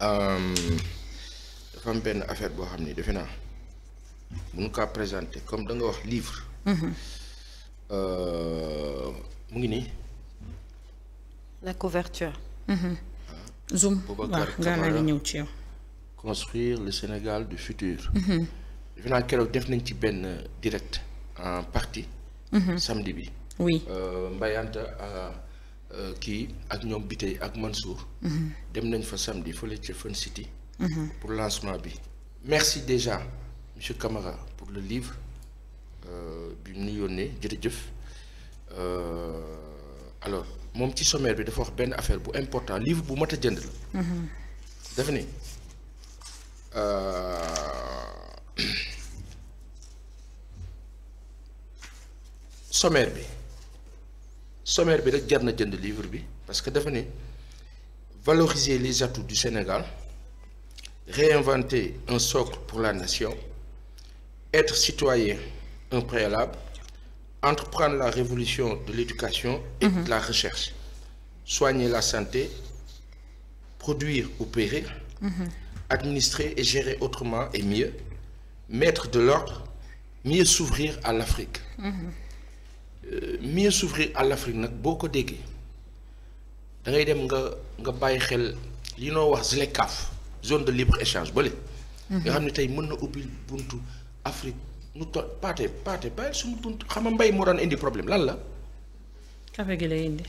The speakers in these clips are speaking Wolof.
Euh, dafa benn affaire boo xam ni defe naa munu présenter comme da wax livre. Mhm. Euh, mu ngi nii. la couverture. Mhm. Ah. zoom Boubacar Camara ñëw ci yow. construire le Sénégal du futur. Mhm. defe naa keroog def nañ ci benn direct en partie. samedi bi. oui euh, Mbayanta. Euh, kii ak ñoom Biteye ak Mansour. Mm-hmm. dem nañ fa samedi fële ca Fun City. Mm-hmm. pour lancement bi. merci déjà monsieur Camara pour le livre euh, bi mu ñu yónnee jërëjëf euh, alors moom ci sommaire bi dafa wax benn affaire bu important livre bu mat a jënd la. Mm-hmm. dafa ni sommaire bi. sommaire bi rek jar na jënd livre bi parce que dafa ne valoriser les atouts du Sénégal réinventer un socle pour la nation être citoyen un entreprendre la révolution de l'éducation et mhm. de la recherche soigner la santé produire ou périr mmh. administrer et gérer autrement et mieux mettre de l'ordre mieux s'ouvrir à l'Afrique mhm. Euh, mieux s'ouvrir à l'Afrique nag boo ko déggee da ngay dem nga nga bàyyi xel li noo wax ZLECAf zone de libre échange bële. Mhm. nga xam ne tey mën na ubbi buntu Afrique nu to paate paate bàyyi suñu buntu xam mbay moo daan indi problème lan la. café gi lay indi.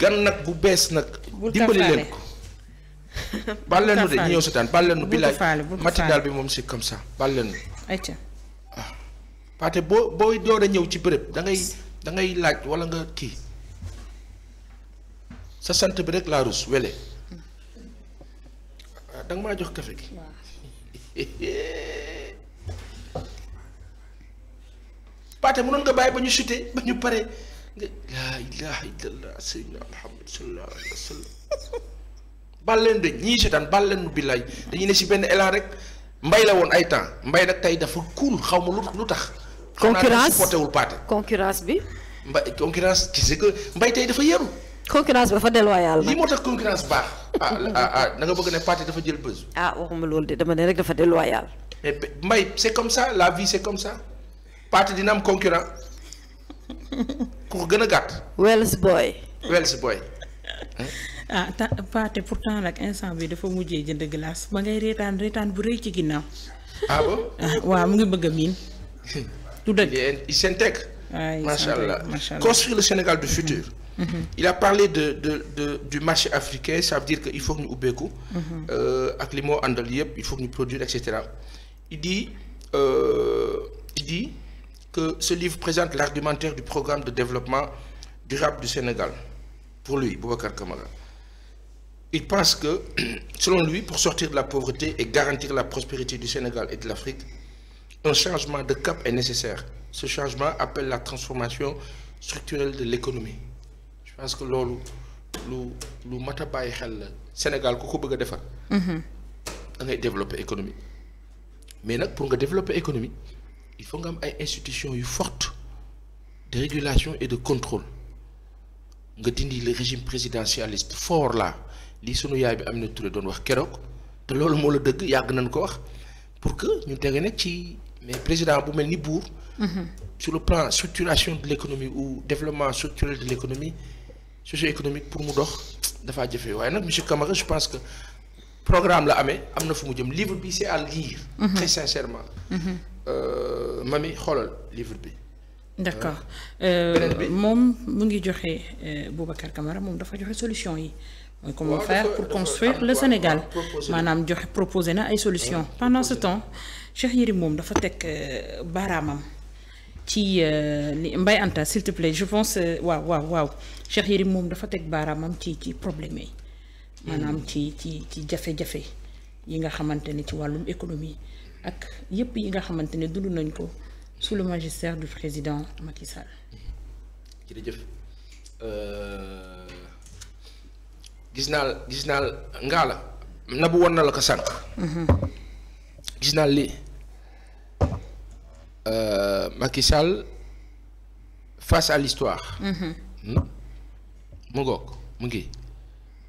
gan nag bu bees nag. dimbali leen ko. bal leen nu de ñëw setaan bal leen nu bilaay bi moom c'est comme ça bal parce boo booy door a ñëw ci bërëb dangay dangay laaj wala nga kii sa sant bi rek laa rus wele ah maa jox kafe gi. paate mënoon nga bàyyi ba ñu chuté ba ñu pare nga laa ilaha illallah sayyidina muhammad sallallahu alayhi wa sallam bal leen de ñii seetaan bal leen billaay dañuy ne si benn élan rek mbay la woon ay temps mbay nag tey dafa kuul xaw ma lu lu tax concurrence supporté wul parti concurrence bi. mba concurrence ci c'est que mbay tey dafa yeeru. concurrence bi dafa déloyal. lii moo tax concurrence baax. ah ah, ah nga bëgg ne parti dafa jël bës. ah waxuma loolu de dama ne rek dafa déloyal. mais mbay c' est comme ça la vie c' comme ça parti dina am concurrent ku ko gën a gàtt. Wells boy. Wells boy. Ah, ah ta parti pourtant nag instant bi dafa mujjee jënd glace ba ngay reetaan reetaan bu rëy ci ginnaaw. ah, ah mu ngi bëgg a miin. du dëgg il s'intègre ah, macha allah construire le Sénégal du futur mm-hmm. Mm-hmm. il a parlé de du marché africain ça veut dire que faut que ñu ubbeeku mm-hmm. euh, ak li yëpp il faut que ñu produire et euh, il dit que ce livre présente l'argumentaire du programme de développement durable du Sénégal pour lui Boubacar Camara il pense que selon lui pour sortir de la pauvreté et garantir la prospérité du Sénégal et de l'Afrique un changement de cap est nécessaire ce changement appelle la transformation structurelle de l'économie je pense que loolu lu mat a bàyyi xel la Sénégal ko ko bëgg a defar. Mhm. da ngay économie mais nag pour nga développer économie il faut nga am ay institutions yu fortes de régulation et de contrôle nga dindi le régime présidentialiste fort là li sunu yaay bi am na Touré doon wax keroog te loolu moo la dëgg yàgg nañ ko wax pour que ñu tege nag ci. mais président bu mel ni buur mhm. sur le plan structuration de l'économie ou développement structurel de l'économie socio-économique pour mu dox dafaa jëfee waaye nag monsieur Camara je pense que programme la am na fu mu jëm livre bi c'est à lire mhm. très sincèrement mhm. euh, euh, euh, moom mu ngi joxe Boubacar Camara moom dafa joxe solution yi mooy comment faire pour na ay solution pendant ce temps Cheikh Yérim moom dafa teg euh, baaraamam ci li euh, Mbaye Anta je pense euh, waaw waaw waaw Cheikh Yérim moom dafa teg baaraamam ci ci problème yi maanaam mm. ci ci ci jafe-jafe yi nga xamante ne ci wàllum économie ak yépp yi nga xamante ne dund nañ ko sous le magistère du président Macky Sall. jërëjëf gis naa gis naa ngaa la nabu woon na la ko sànq. Mhm. gis naa li euh, Macky Sall face à l'histoire mm-hmm. hmm? mu ngoog mu ngi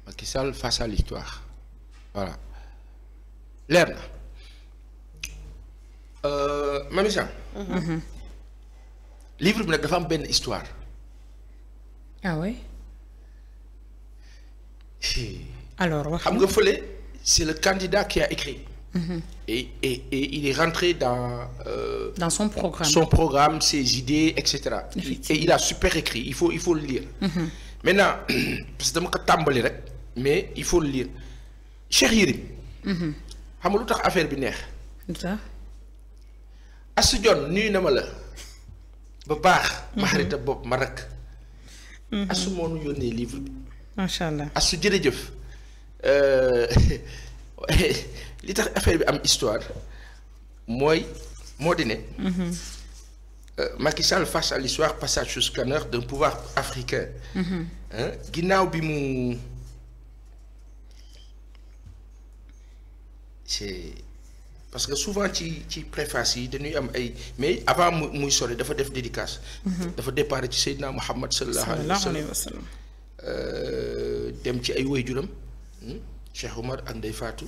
Macky face à l'histoire voilà leer na euh, Mamy mm-hmm. mm-hmm. livre bi nag dafa am benn histoire ah oui alors xam nga fële c'est le candidat qui a écrit Mm -hmm. et, et, et, il est rentré dans, euh, dans son programme, ses idées, etc. Et il a super écrit, il faut, il faut le lire. Mm -hmm. Maintenant, parce que mais il faut le lire. Cheikh mhm. xam nga lu tax affaire bi neex. Astou Dione nuyu na ma la ba baax. Mhm. ma xarita bopp ma rakk. Mhm. Astou yónnee livre bi. macha allah Astou jërëjëf. Euh, li tax affaire bi am histoire mooy moo di ne. Mhm. Euh, Macky Sall face à l'histoire passage sous scanner d'un pouvoir africain. Mhm. ginnaaw bi mu c'est parce que souvent ci ci préface yi dañuy am ay mais avant mu muy sore dafa def dédicace. Mhm. dafa départ ci Seydina Muhammad sallallahu alayhi wa euh, dem ci ay waajuram hmm, Cheikh Omar ak Ndeye Fatou.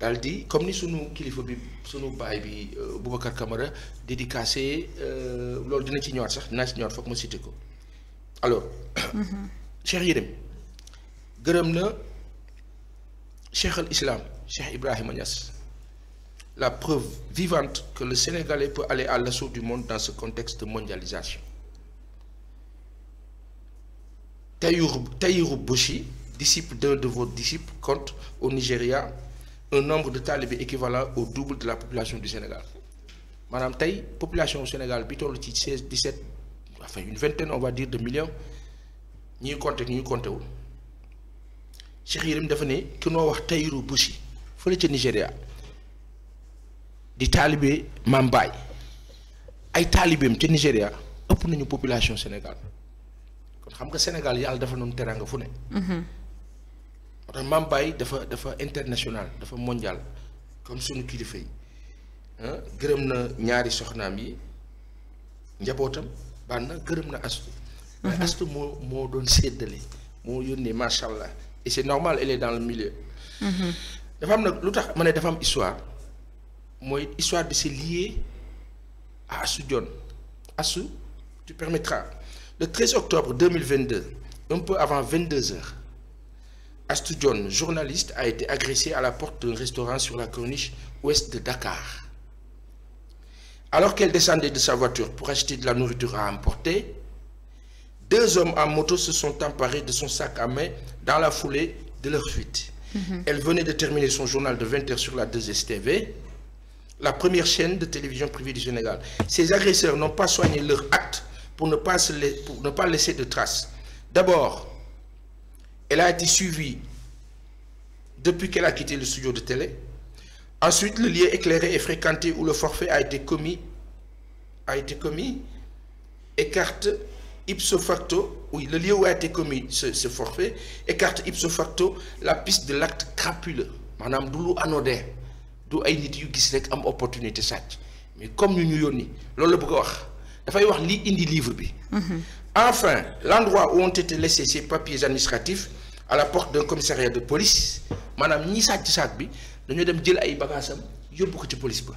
daal di comme ni sunu kilifa bi sunu baay bi euh, Boubacar Camara dédicacé euh, loolu dina ci ñëwaat sax dinaa ci ñëwaat foog ma cité ko alors. Mm-hmm. Cheikh Yérim gërëm na Cheikh al Islam Cheikh Ibrahima Niass la preuve vivante que le Sénégalais peut aller à l'assaut du monde dans ce contexte de mondialisation Taïru Taïru Boshi disciple de vos disciples compte au Nigeria. nombre de talibés équivalent au double de la population du Sénégal maanaam tey population Sénégal bi toll ci seize dix sept enfin une vingtaine on va dire de millions ñuy compter ñuy compter wul dafa ne ki noo wax Tahirou Bouchi fële ca Nigéria di taalibe Maam Baay ay taalibeem ca Nigéria ëpp nañu population Sénégal kon xam nga Sénégal yàlla dafa noonu teraanga fu ne. Mhm. parce que Maam Baye dafa dafa international dafa mondial comme sunu kilifa yi ah, gërëm na ñaari soxnaam yi njabootam baax na gërëm na astu mhm. mais moo moo doon séddale moo yónnee macha allah et c'est normal elle est dans le milieu. Mhm. dafa am nag lu tax ma dafa am histoire mooy histoire bi c'est lié à Astou Dione Astou tu permettras le octobre 2022 avant 22 Astou Dione, journaliste, a été agressé à la porte d'un restaurant sur la corniche ouest de Dakar. Alors qu'elle descendait de sa voiture pour acheter de la nourriture à emporter, deux hommes en moto se sont emparés de son sac à main dans la foulée de leur fuite. Mm -hmm. Elle venait de terminer son journal de 20h sur la 2STV, la première chaîne de télévision privée du Sénégal. Ces agresseurs n'ont pas soigné leur acte pour ne pas, se la... pour laisser de traces. D'abord, Elle a été suivie depuis qu'elle a quitté le studio de télé. Ensuite, le lieu éclairé et fréquenté où le forfait a été commis, a été commis, écarte ipso facto, oui, le lieu où a été commis ce, forfait, écarte ipso la piste de l'acte crapuleux. maanaam du lu anodin du ay nit yu gis rek am opportunité sàcc mais comme ñu ñu yónni loolu la bëgg a wax dafay wax lii indi livre bi. Mm-hmm. Enfin, l'endroit où ont été laissés ces papiers administratifs à la porte d'un commissariat de police maanaam ñi sàcc saak bi dañoo dem jël ay bagaasam yóbbu ko ci police ba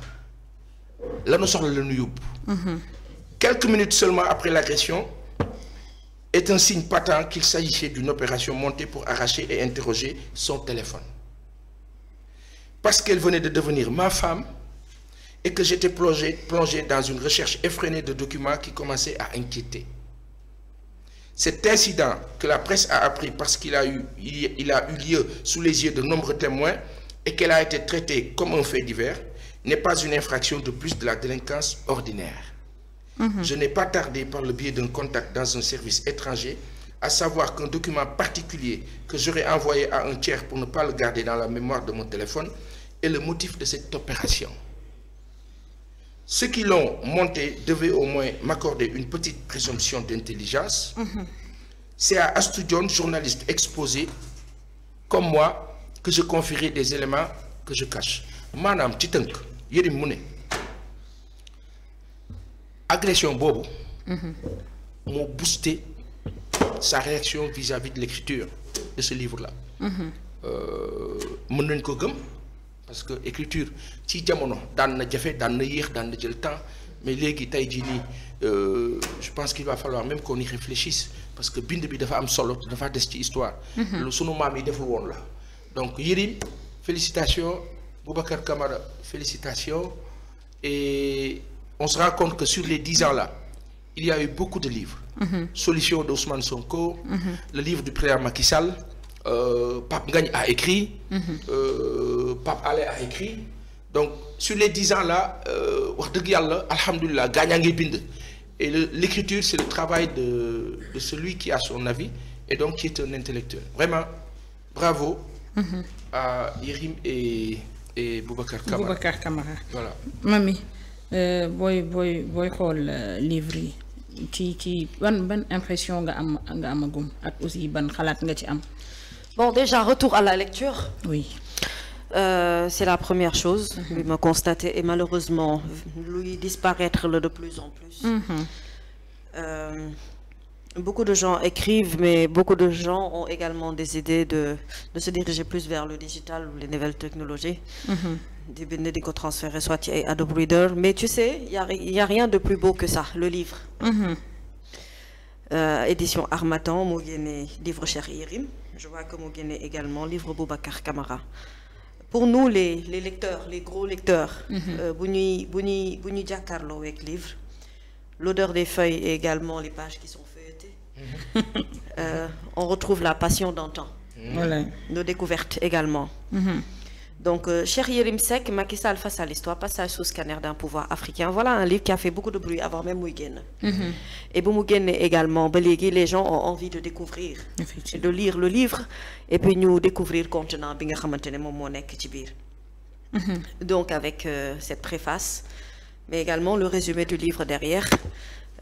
lanu soxla lañu yóbbu mhm. quelques minutes seulement après l'agression est un signe patent qu'il s'agissait d'une opération montée pour arracher et interroger son téléphone parce qu'elle venait de devenir ma femme et que j'étais plongé plongé dans une recherche effrénée de documents à Cet incident que la presse a appris parce qu'il a eu, il, a eu lieu sous les yeux de nombreux témoins et qu'elle a été traitée comme un fait divers n'est pas une infraction de plus de la délinquance ordinaire. Mhm. Je n'ai pas tardé par le biais d'un contact dans un service étranger à savoir qu'un document particulier que j'aurais envoyé à un tiers pour ne pas le garder dans la mémoire de mon téléphone est le motif de cette opération. ceux qui l'ont monté devaient au moins m'accorder une petite présomption d'intelligence. Mmh. C'est à Astou Dione, journaliste exposé comme moi, que je confierai des éléments que je cache. maanaam ci tënk Yérim mu agression boobu. Mhm. moo boosté sa réaction vis-à-vis de l'écriture de ce livre-là. Mhm. Euh, mën nañ ko parce que écriture ci jamono daan na jafe daan na yéex daan na jël temps mais léegi tey ji nii euh, je pense qu'il va falloir même qu'on y réfléchisse parce que bind bi dafa am solo dafa des ci histoire. Mm-hmm. lu sunu maam yi deful woon la. donc Yérim félicitations Boubacar Camara félicitations et on se rend que sur les dix ans là il y a eu beaucoup de livres. Mm-hmm. Solution d'Ousmane Sonko. Mm -hmm. le livre du président Macky Sall. Euh, Pape Ngagne a écrit. Mm -hmm. euh, Pape Alé donc sur les dix ans là euh, wax dëgg yàlla alhamdulilah gaañaa ngi bind. et le l' écriture c' le travail de celui qui a son avis et donc qui est intellectuel vraiment bravo. Mm -hmm. à Yérim et et Boubacar Camara Boubacar euh, booy booy booy xool euh, livre yi ci ci ban ban impression nga am nga amagum ak aussi ban xalaat nga ci am. Bon, déjà, retour à la lecture. Oui. Euh, c'est la première chose mm -hmm. me et malheureusement lui disparaître le de plus en plus mm -hmm. euh, beaucoup de gens écrivent mais beaucoup de gens ont également des idées de, se diriger plus vers le digital ou les nouvelles technologies mm -hmm. di ay Adobe Reader mais tu sais il y a, rien de plus beau que le livre mhm. Euh, édition Harmattan moo génne livre Cheikh je vois que moo génne également livre Boubacar Camara pour nous les les lecteurs les gros lecteurs. Mhm. Euh, bu ñuy bu ñuy bu ñuy jàkkaarloo ak livre l'odeur des feuilles et également les pages qui sont feuilletées. Mhm. Euh, on retrouve la passion d'antan. voilà nos découvertes également. Mhm. Donc, euh, cher Yerim Sek, Macky Sall face à l'histoire, passage sous scanner d'un pouvoir africain. Voilà un livre qui a fait beaucoup de bruit avant même Mouiguen. Mm -hmm. Et Boumouiguen également, Belégui, les gens ont envie de découvrir, et de lire le livre, et puis nous découvrir le contenant Binga Donc, avec euh, cette préface, mais également le résumé du livre derrière,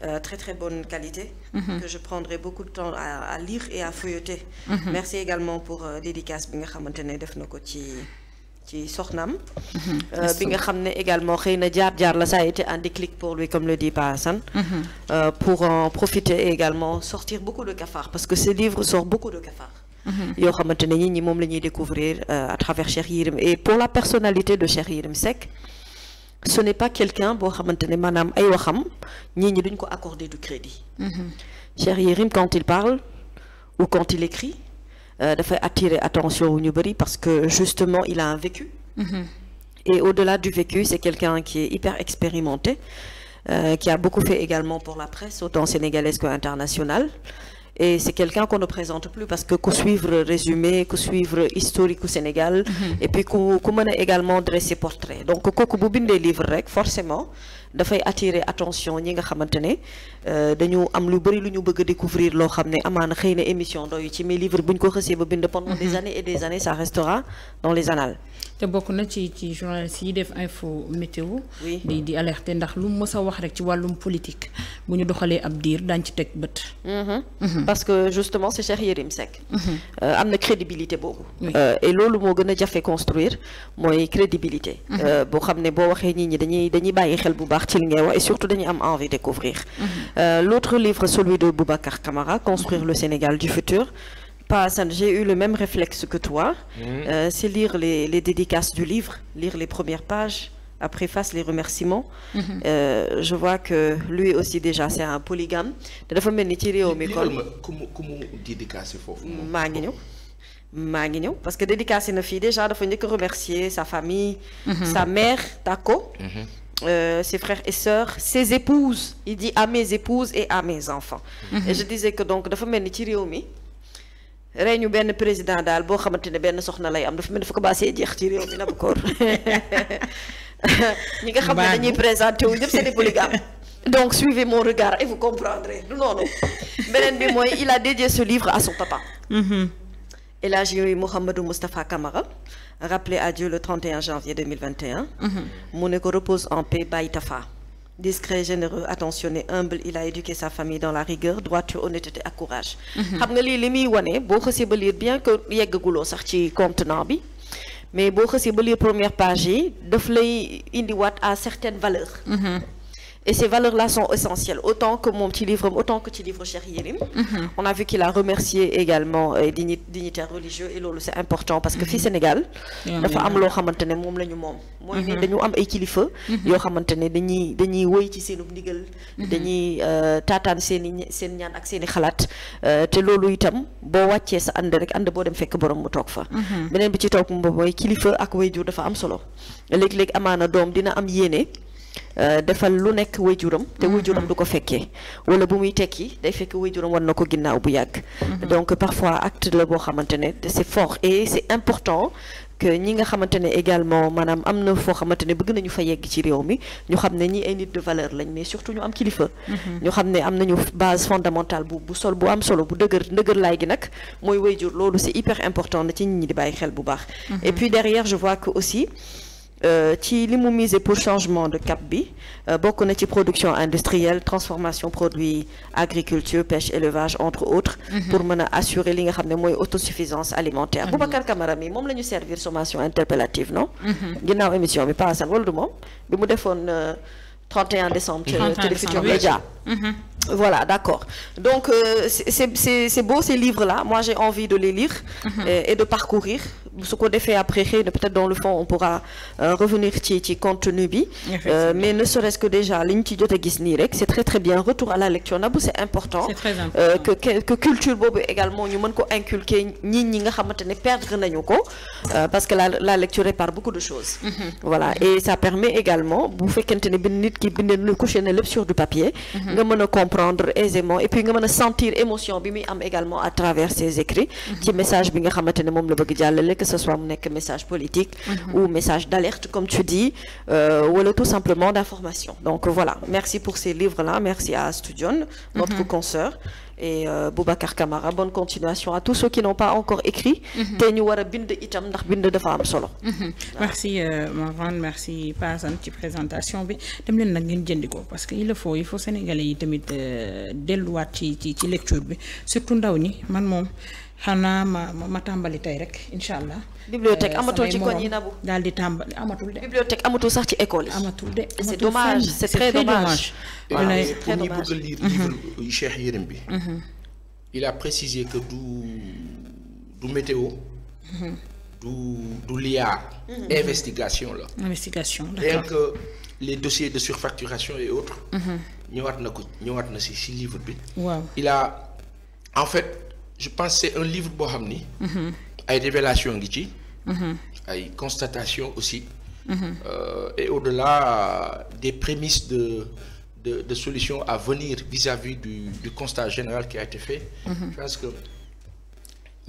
euh, très très bonne qualité, mhm. que je prendrai beaucoup de temps à, lire et à feuilleter. Mhm. ci soxnaam. Mhm. Euh, bi nga xam ne également xëy na jaar jaar la ça a été un déclic pour lui comme le dit Pa Assane. Mhm. Euh, pour en profiter et également sortir beaucoup de cafards parce que ce livre sort beaucoup de cafards. Mhm. yoo xamante ne ñi moom la ñuy découvrir euh, à travers Cheikh Yérim et pour la personnalité de Cheikh Yérim Seck ce n'est pas quelqu'un boo xamante ne maanaam ay waxam ñii ñi duñ ko accorder du crédit. Cheikh Yérim quand il parle ou quand il écrit. Euh, dafay attirer attention wu ñu bëri parce que justement il a un vécu mm-hmm. et au-delà du vécu c'est quelqu'un qui est hyper expérimenté euh, qui a beaucoup fait également pour la presse autant sénégalaise que internationale et c'est quelqu'un qu'on ne présente plus parce que ku suivre résumé ku suivre historique au Sénégal mm -hmm. et puis ku ku bu bindee livre rek forcément dafay attirer attention ñi nga xamante ne euh, dañu am lu bëri lu ñu bëgg a découvrir loo xam ne amaana xëy na émission doyu ci mais livre bu ko xësee ba bind pendant des mhm. années et des années ça restera dans les annales te bokk na ci ci journaliste yi def info météo. di di alerter ndax lu mës a wax rek ci wàllum politique bu ñu doxalee ab diir daañu ci teg bët. Mm-hmm. Mm-hmm. parce que justement c'est Cheikh Yérim Seck. Mm-hmm. Euh, am na crédibilité boobu. Euh, et loolu moo gën a jafe construire mooy crédibilité. Euh, boo xam ne boo waxee nit ñi dañuy dañuy bàyyi xel bu baax ci li ngay wax et surtout dañuy am envie découvrir l'autre livre celui de Boubacar Camara Construire le Sénégal du futur. pas Hassan, j'ai eu le même réflexe que toi. Mm. Euh, c'est lire les, les, dédicaces du livre, lire les premières pages, la préface, les remerciements. Mm-hmm. Euh, je vois que lui aussi déjà, c'est un polygame. dafa mel ni ci réew mi kon ku maa ngi ñëw maa ngi ñëw parce que dédicacé na fii déjà dafa njëkk sa famille mm-hmm. sa mère Tako mm-hmm. euh, ses frères et sœurs ses épouses il dit à mes épouses et à mes enfants et je disais que donc dafa mel ni ci réew mi ñu benn président daal boo xamante ne benn soxna lay am dafa mel dafa commencé jeex ci réew mi na bu ñi nga xam ne dañuy présenté wu ñëpp c'est des polygames donc suivez mon regard et vous comprendrez du noonu beneen bi mooy il a dédié ce livre à son papa mm-hmm. El Hadji Yooyu Mouhamadou Moustapha Camara rappelé à Dieu le janvier mm-hmm. mu ne ko repose en paix Baye Tafa discret généreux attentionné humble il a éduqué sa famille dans la rigueur droiture honnêteté ak courage mhm. xam nga lii li muy wane boo xësee ba lire bien que yeggaguloo sax ci contenant bi mais boo xësee ba lire première page yi daf lay indiwaat à certaines valeurs mhm. et ces valeurs-là sont essentielles autant que moom ci livre autant que ci livre Cheikh Yérim mhm. on a vu qu'il a remercié également euh, digni dignitaires religieux et loolu c'est important parce que fii mhm. Sénégal dafa am loo xamante ne moom la ñu moom mooy ni mhm. dañu am ay kilifa yoo xamante ne dañuy dañuy woy ci seen ndigal dañuy euh, taataan seen i seen ñaan ak seen i xalaat euh, te loolu itam boo wàccee sa ànd rek ànd boo dem fekk borom mu toog fa beneen bi ci toog mooy kilifa ak wayjur dafa am solo léeg-léeg amaana doom dina am yéene Euh, defal lu nekk waajuram te mhm. waajuram du ko fekkee wala bu muy tekki day fekk waajuram war na ko ginnaaw bu yàgg mhm. donc parfois acte la boo xamante ne c'est fort et c'est important que ñi nga xamante ne également maanaam am na foo xamante ne bëgg nañu fa yegg ci réew mi ñu xam ne ñi ay nit de valeur lañ mais surtout ñu am kilifa mhm. ñu xam ne am nañu base fondamentale bu bu sol bu am solo bu dëgër dëgër laay gi nag mooy waajur loolu c'est hyper important na ci xel bu baax et Euh, ci li mu miser pour changement de cap bi euh, bokk na ci production industrielle transformation produits agriculture pêche élevage entre autres mhm. pour mën a assurer li nga xam ne mooy autosuffisance alimentaire mhm. Boubacar Camara mi moom la ñu servir sommation interpellative non mhm. émission bi paasan wala du moom bi mu defoon 31 euh, décembre Télé Futurs Médias voilà d'accord donc c'est beau ces livres là moi j'ai envie de lire et de parcourir su ko defee après xëy na dans le fond on pourra euh, revenir ci ci contenu bi euh, mais ne serait-ce que déjà li ci jot a gis nii rek c'est très très bien retour à la lecture nabu c'est important euh, que culture boobu ñu mën ko inculquer ñi ñi nga xamante perdre nañu ko parce que la la lecture répare beaucoup de choses mm-hmm. Mm-hmm. voilà et ça permet également bu fekkente ne bind nit ki binde nu couché na lépp sur du papier mm-hmm. nga mën a comprendre aisément et puis nga que ce soit mu nekk message politique mhm. ou message d'alerte comme tu dis wala euh, tout simplement d'information donc voilà merci pour ces livres-là merci à Studion notre mhm. consoeur et euh, Boubacar Camara bonne continuation à tous ceux qui n'ont pas encore écrit mhm. te ñu war a bind itam ndax bind dafa am solo merci euh, Mavan ci présentation bi dem nag ngeen jëndi ko parce que il faut il faut sénégalais yi tamit delluwaat ci ci lecture bi surtout ndaw ñi man moom xanaa ma ma tàmbali tey rek incha allah. bibliothèque euh, amatul ci koñ yi nabu daal di tàmbali amatul sax ci école yi. amatul de c'est dommage c'est très c'est très dommage pour ñi bëgg a lire mhm. livre euh, Cheikh bi. Mhm. il a précisé que du du météo. Mhm. du du investigation la. investigation d'accord que les dossiers de surfacturation et autres. ñëwaat na ko ñëwaat na si si livre bi. waaw il a en fait. je pense c'est un livre boo xam ni. Mhm. ay révélation ngi ci. Mhm. ay constatation aussi. Mhm. Euh, et au-delà des prémices de de de solutions à venir vis-à-vis du du constat général qui a été fait. je pense que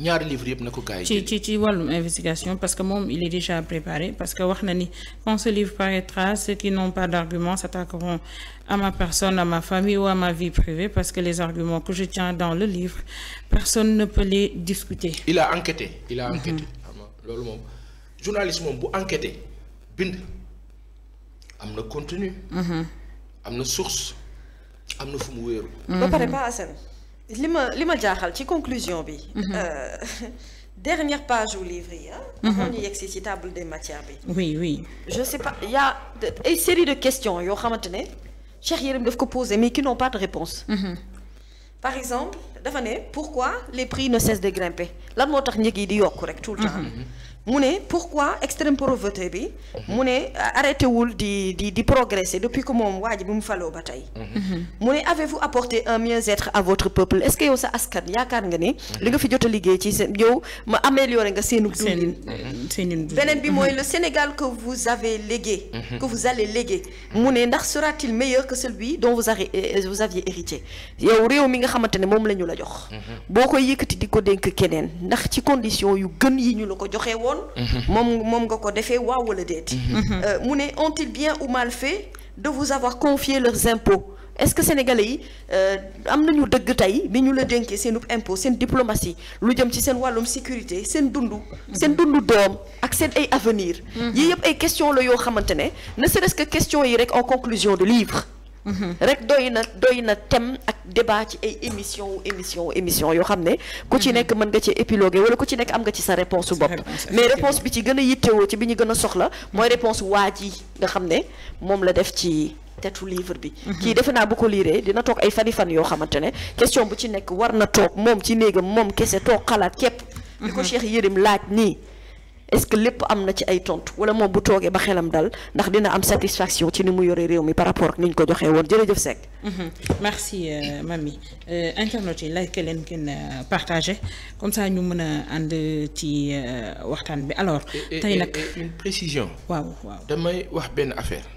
ñaari livre yëpp na ko gars ci ci ci wàllum investigation parce que moom il est déjà préparé parce que wax na ni quand ce livre paraîtra ceux qui n'ont pas d'arguments s'attaqueront à ma personne à ma famille ou à ma vie privée parce que les arguments que je tiens dans le livre personne ne peut les discuter il a enquêté il a mhm. enquêté xam ah nga loolu moom journaliste moom bu enquêté bind am na contenu mhm. am na source am na fu mu wéeru li ma li ma jaaxal ci conclusion bi. Mhm. Euh, dernière page au livre yi ah. avant des matières bi. oui oui. je sais pas y' a ay série de questions yoo xamante ne Cheikh Yérim daf ko posé mais qui n'ont pas de réponse. Mhm. par exemple dafa ne pourquoi les prix ne cessent de grimper lan moo tax njëg di yokk rek tout le temps. mu ne pourquoi extrême pauvreté bi mhm. mu ne arrêté di di di progresser depuis que moom waa bi mu faloo ba tey mhm. mu ne avez-vous apporté un mieux-être à votre peuple est-ce que yow sa askan yaakaar nga ne mhm. li nga fi jot a liggéey ci seen yow ma amélioré nga seenu beneen bi mooy le Sénégal que vous avez légué que vous allez léguer mu ne ndax sera-t-il meilleur que celui dont vous avez euh, vous yow réew mi nga xamante ne moom la la jox boo koy yëkkati di ko dénk keneen ndax woon mhm. moom moom nga ko defee waaw wala mhm. Mhm. Euh, mu ne ont bien ou mal fait de vous avoir confié leurs impôts est-ce que sénégalais yi euh, am nañu dëgg tey bi ñu la dénkee seen impôt seen diplomatie lu jëm ci seen wàllum sécurité seen dundu seen dundu doom ak seen ay avenir yii yëpp ay question la yoo xamante ne ne serait-ce que question yi rek en conclusion de livre rek doy na doy na thème ak débat ci ay émission wu émission wu émission yoo xam ne ku ci mhm. nekk mën nga ci épilogué wala ku ci nekk am nga ci sa réponse su bopp mais réponse bi ci gën a yittewoo ci bi ñu gën a soxla mooy mhm. réponse waa ji nga xam ne moom la def ci tetu livre bi mhm. kii defe naa bu ko liiree dina toog ay fani fan yoo xamante ne question bu ci nekk war na toog moom ci néegam moom kese toog xalaat képp bi ko Cheikh Yérim laaj nii est-ce que lépp am na ci ay tontu wala moom bu toogee ba xelam dal ndax dina am satisfaction ci ni mu yore réew mi par rapport ak ni ñu ko joxee woon jërëjëf Seck. Mhm. merci euh, mami euh, internautes yi like leen kenn euh, partage comme ça ñu mën a ànd ci euh, waxtaan bi alors. tey nag une précision. waaw waaw damay wax benn affaire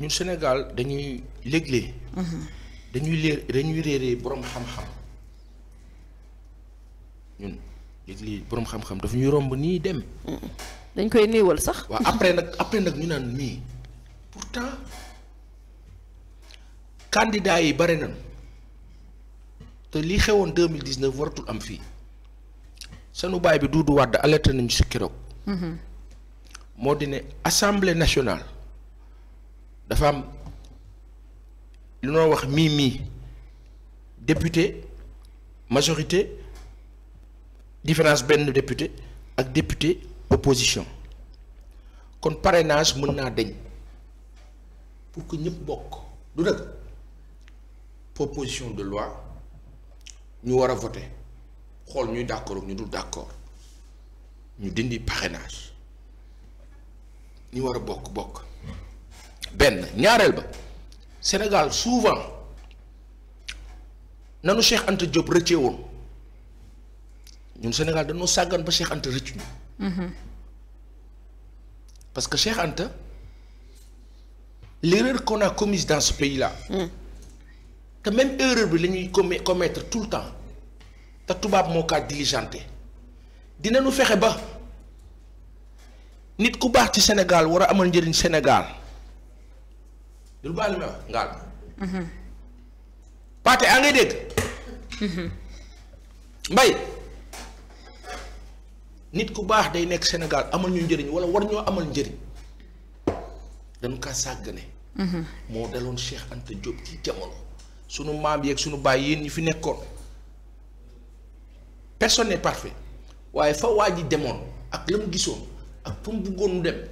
ñun Sénégal dañuy léeg-léeg. Mhm. dañuy leer dañuy réeree borom xam-xam léegi lii borom xam-xam daf ñuy romb nii dem. dañ koy néewal sax. waaw après nag après nag ñu naan nii pourtant candidats yi bare nañ te li xewoon deux mille dix waratul am fii sanu baay bi Doudou Wade alerté nañu si keroog. Mhm. moo di ne assemblée nationale dafa am lu noo wax mii mii député majorité. différence benn député ak député opposition kon parrainage mën naa deñ pour que ñëpp bokk du dëgg proposition de loi ñu war a voter xool ñuy d'accord ñu dul d'accord ñu dindi parenage ñu war a bokk bokk benn ñaareel ba Sénégal souvent nanu Cheikh ante Diop rëcce woon ñun Sénégal dañoo sàggan ba Cheikh Anta ñu. Mhm. parce que Cheikh Anta l'erreur qu'on a commise dans ce mm. te même erreur bi lañuy ñuy commettre tout le temps te tubaab moo kaa diligenté dinañu fexe ba nit ku baax ci Sénégal war a amal njëriñ Sénégal lu baax li ma wax ngaal mhm. paate a ngay dégg mhm. mbay nit ku baax day nekk Sénégal amal ñu njëriñ wala war ñoo amal njëriñ dañu kaa sàggane mhm. moo daloon Cheikh Anta Diop ci jamono sunu maam yeeg sunu baay yéen ñi fi nekkoon personne n'est parfait waaye fa waa ji demoon ak la mu gisoon ak fa mu bëggoon dem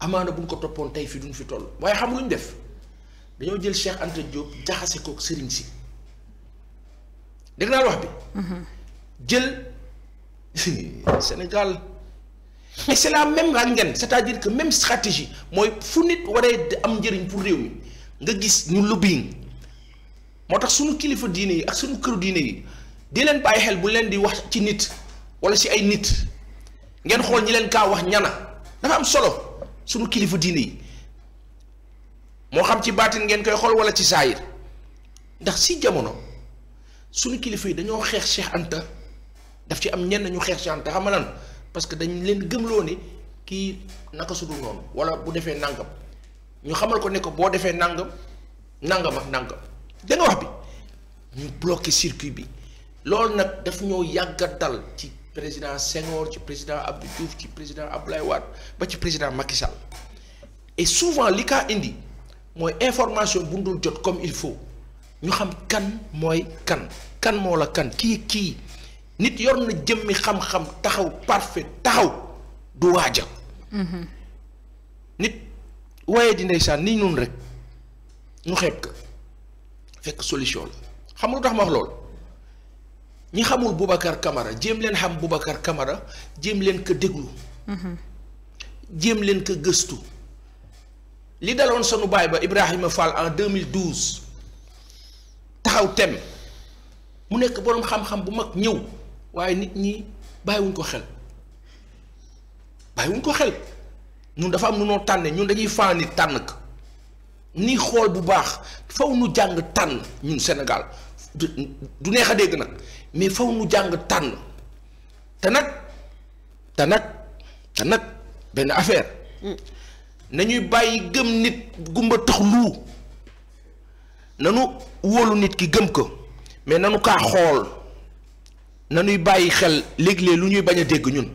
amaana bu ñu ko toppoon tey fi duñ fi toll waaye xam lu ñu def dañoo jël Cheikh Anta Diop jaxase kook sëriñ si dégg naa wax bi mhm. Sénégal mais c'est la même ak ngeen c'est-à-dire que même stratégie mooy fu nit waree am njëriñ pour réew mi nga gis ñu lobbying moo tax suñu kilifa diine yi ak suñu këru diine yi di leen bàyyi xel bu leen di wax ci nit wala si ay nit ngeen xool ñi leen kaa wax ñana dafa am solo suñu kilifa diine yi moo xam ci baatin ngeen koy xool wala ci saayir ndax si jamono suñu kilifa yi dañoo xeex Cheikh Anta daf ci am ñenn ñu xeex si te xam nga parce que dañ leen gëmloo ni kii naka su dul noonu wala bu defee nangam ñu xamal ko ne ko boo defee nangam nangam ak nangam da wax bi ñu bloqué circuit bi loolu nag daf ñoo yàgg dal ci président Senghor ci président Abdou Diouf ci président Abdoulaye Wade ba ci président Macky Sall souvent li kaa indi mooy information bu dul jot comme il faut ñu xam kan mooy kan kan moo la kan kii kii. nit yor na jëmmi xam-xam taxaw parfait taxaw du waaja mhm. nit waaye di ndeysaan ni noonu rek ñu xeeb ko fekk solution la xam lu tax ma wax loolu ñi xamul bubakar kamara jéem leen xam Boubacar Camara jéem leen ko déglu mhm. jéem leen ko gëstu li daloon sunu baay ba Ibrahima Fall en 2012 taxaw tem mu nekk boroom xam-xam bu mag ñëw waaye nit ñi bàyyiwuñ ko xel bàyyiwuñ ko xel ñun dafa am nu noo tànne ñun dañuy faani tànn ko ni xool bu baax faw nu jàng tànn ñun Sénégal du neex a dégg nag mais faw nu jàng tànn te nag te nag te nag benn affaire nañuy bàyyi gëm nit gumba tax nanu wóolu nit ki gëm ko mais nanu kaa xool nañuy bàyyi xel léeg lu ñuy bañ a dégg ñun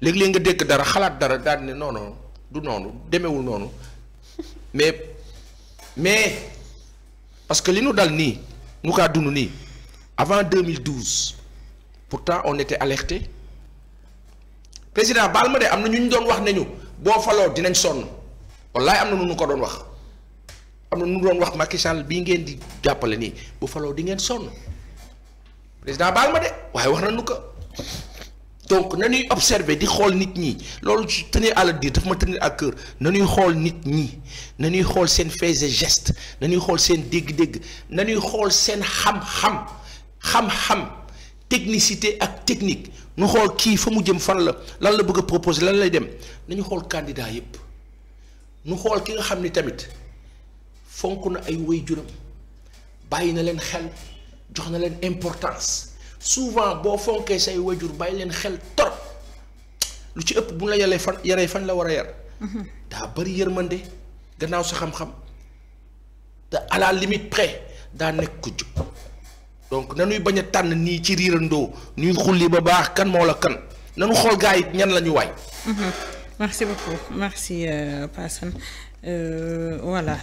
léeg-léeg nga dégg dara xalaat dara daal ne non du noonu demewul noonu mais mais parce que li nu dal nii nu kaa dund nii avant 2012 pourtant on était alerté président baal ma de am na ñu ñu doon wax nañu boo faloo dinañ sonn wallaay am na nu nu ko doon wax am na nu doon wax Macky Sall bii ngeen di jàppale nii bu faloo di ngeen sonn. président baal ma de waaye wax na nañu ko donc na nañuy observer di xool nit ñi loolu je tenais à le dire daf ma tenir à na nañuy xool nit ñi nañuy xool seen faits gest gestes nañuy xool seen dégg-dégg nañuy xool seen xam-xam xam-xam technicité ak technique nu xool kii fa mu jëm fan la lan la bëgg a proposer lan lay dem nañu xool candidat yépp nu xool ki nga xam ni tamit fonk na ay waajuram bàyyi na leen xel jox na leen importance souvent boo fonkee say wajur bàyyi leen xel torop lu ci ëpp bu la yaree fan yaree fan la war a yar. daa bëri yërmande gannaaw sa xam-xam te à la limite près daa nekk ku jub donc nanuy bañ a tànn nii ci riirandoo ñuy xulli ba baax kan moo la kan nanu xool gaa yi ñan la ñu waay. Mhm. merci beaucoup merci euh, Paa Assane euh, voilà.